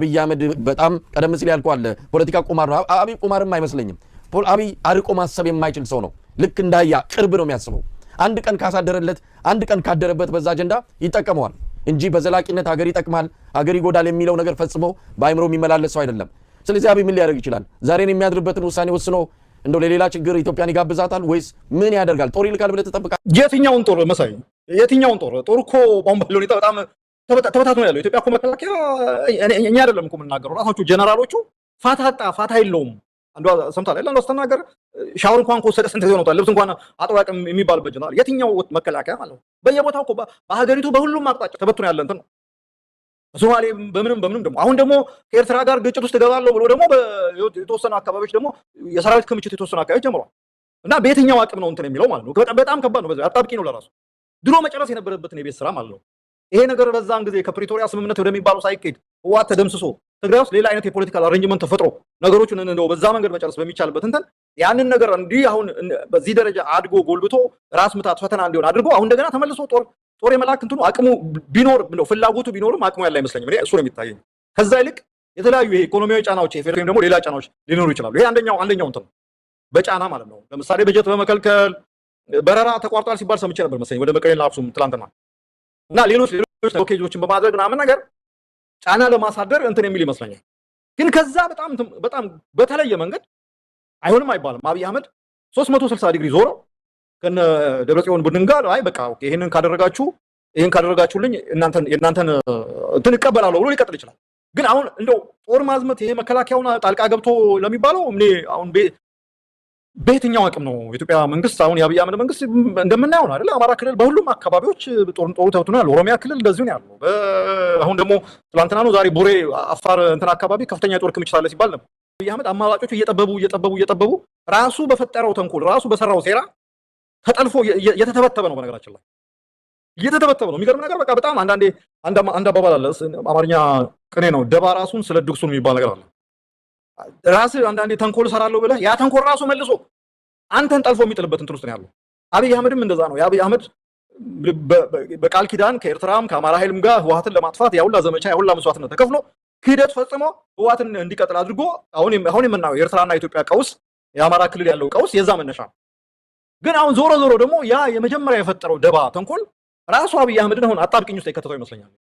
አብይ አህመድ በጣም ቀደም ሲል ያልኳለ ፖለቲካ ቁማር ነው። አብይ ቁማርም አይመስለኝም። አብይ አርቆ ማሰብ የማይችል ሰው ነው። ልክ እንዳያ ቅርብ ነው የሚያስበው። አንድ ቀን ካሳደረለት፣ አንድ ቀን ካደረበት በዛ አጀንዳ ይጠቀመዋል እንጂ በዘላቂነት ሀገር ይጠቅማል፣ ሀገር ይጎዳል የሚለው ነገር ፈጽሞ በአይምሮ የሚመላለስ ሰው አይደለም። ስለዚህ አብይ ምን ሊያደርግ ይችላል? ዛሬን የሚያድርበትን ውሳኔ ወስኖ እንደ ለሌላ ችግር ኢትዮጵያን ይጋብዛታል ወይስ ምን ያደርጋል? ጦር ይልካል ብለህ ትጠብቃለህ? የትኛውን ጦር መሳይ? የትኛውን ጦር? ጦር እኮ በአሁን ባለ ሁኔታ በጣም ተበታትኖ ያለው ኢትዮጵያ እኮ መከላከያ እኛ አይደለም እኮ የምናገረው ራሳቸው ጀነራሎቹ ፋታ አጣ ፋታ የለውም። አንዷ ሰምታ ላይ ለአንዷ ስትናገር ሻወር እንኳን ከወሰደ ስንት ጊዜ ሆኖታል፣ ልብስ እንኳን አጥቦ አያውቅም የሚባልበት ጀነራል የትኛው መከላከያ ማለት ነው? በየቦታው እኮ በሀገሪቱ በሁሉም አቅጣጫ ተበትኖ ያለ እንትን ነው። በሶማሌ በምንም በምንም ደግሞ አሁን ደግሞ ከኤርትራ ጋር ግጭት ውስጥ እገባለሁ ብሎ ደግሞ የተወሰኑ አካባቢዎች ደግሞ የሰራዊት ክምችት የተወሰኑ አካባቢዎች ጀምሯል። እና በየትኛው አቅም ነው እንትን የሚለው ማለት ነው። በጣም ከባድ ነው። በዚያ አጣብቂ ነው ለራሱ ድሮ መጨረስ የነበረበትን የቤት ስራ ማለት ነው። ይሄ ነገር በዛን ጊዜ ከፕሪቶሪያ ስምምነት ወደሚባለው ሳይኬድ ህወሓት ተደምስሶ ትግራይ ውስጥ ሌላ አይነት የፖለቲካል አረንጅመንት ተፈጥሮ ነገሮችን እንደው በዛ መንገድ መጨረስ በሚቻልበት እንትን ያንን ነገር እንዲህ አሁን በዚህ ደረጃ አድጎ ጎልብቶ ራስ ምታት ፈተና እንዲሆን አድርጎ አሁን እንደገና ተመልሶ ጦር ጦር የመላክ እንትኑ አቅሙ ቢኖር ነው ፍላጎቱ ቢኖርም አቅሙ ያለ አይመስለኝም። እሱ ነው የሚታየኝ። ከዛ ይልቅ የተለያዩ ይሄ ኢኮኖሚያዊ ጫናዎች ወይም ደግሞ ሌላ ጫናዎች ሊኖሩ ይችላሉ። ይሄ አንደኛው አንደኛው እንትን በጫና ማለት ነው። ለምሳሌ በጀት በመከልከል በረራ ተቋርጧል ሲባል ሰምቼ ነበር መሰለኝ ወደ መቀሌና አክሱም ትላንትና እና ሌሎች ሎኬጆችን በማድረግ ምናምን ነገር ጫና ለማሳደር እንትን የሚል ይመስለኛል። ግን ከዛ በጣም በተለየ መንገድ አይሆንም አይባልም። አብይ አህመድ 360 ዲግሪ ዞሮ ከነ ደብረጽዮን ቡድን ጋር አይ በቃ ኦኬ ካደረጋችሁ ይሄን ካደረጋችሁልኝ የእናንተን እንትን እቀበላለሁ ብሎ ሊቀጥል ይችላል። ግን አሁን እንደው ጦር ማዝመት ይሄ መከላከያውን ጣልቃ ገብቶ ለሚባለው እኔ አሁን በየትኛው አቅም ነው የኢትዮጵያ መንግስት አሁን የአብይ አህመድ መንግስት እንደምናየው ነው አይደለ? አማራ ክልል በሁሉም አካባቢዎች ጦሩ ተብትኖ ያለው፣ ኦሮሚያ ክልል እንደዚሁ ነው ያለው። አሁን ደግሞ ትላንትና ነው ዛሬ ቡሬ አፋር እንትን አካባቢ ከፍተኛ የጦር ክምችት አለ ሲባል ነበር። አብይ አህመድ አማራጮቹ እየጠበቡ እየጠበቡ እየጠበቡ ራሱ በፈጠረው ተንኮል ራሱ በሰራው ሴራ ተጠልፎ እየተተበተበ ነው። በነገራችን ላይ እየተተበተበ ነው። የሚገርም ነገር በቃ በጣም አንዳንዴ አንድ አባባል አለ፣ አማርኛ ቅኔ ነው፣ ደባ ራሱን ስለ ድግሱን የሚባል ነገር አለ ራስ አንዳንዴ ተንኮል ሰራለሁ ብለህ ያ ተንኮል ራሱ መልሶ አንተን ጠልፎ የሚጥልበት እንትን ውስጥ ነው ያለው። አብይ አህመድም እንደዛ ነው። የአብይ አህመድ በቃል ኪዳን ከኤርትራም ከአማራ ኃይልም ጋር ህወሓትን ለማጥፋት ያሁላ ዘመቻ ያሁላ መስዋዕትነት ተከፍሎ ክህደት ፈጽሞ ህወሓትን እንዲቀጥል አድርጎ አሁን አሁን የምናየው የኤርትራና ኢትዮጵያ ቀውስ የአማራ ክልል ያለው ቀውስ የዛ መነሻ ነው። ግን አሁን ዞሮ ዞሮ ደግሞ ያ የመጀመሪያ የፈጠረው ደባ ተንኮል ራሱ አብይ አህመድን አሁን አጣብቂኝ ውስጥ የከተተው ይመስለኛል።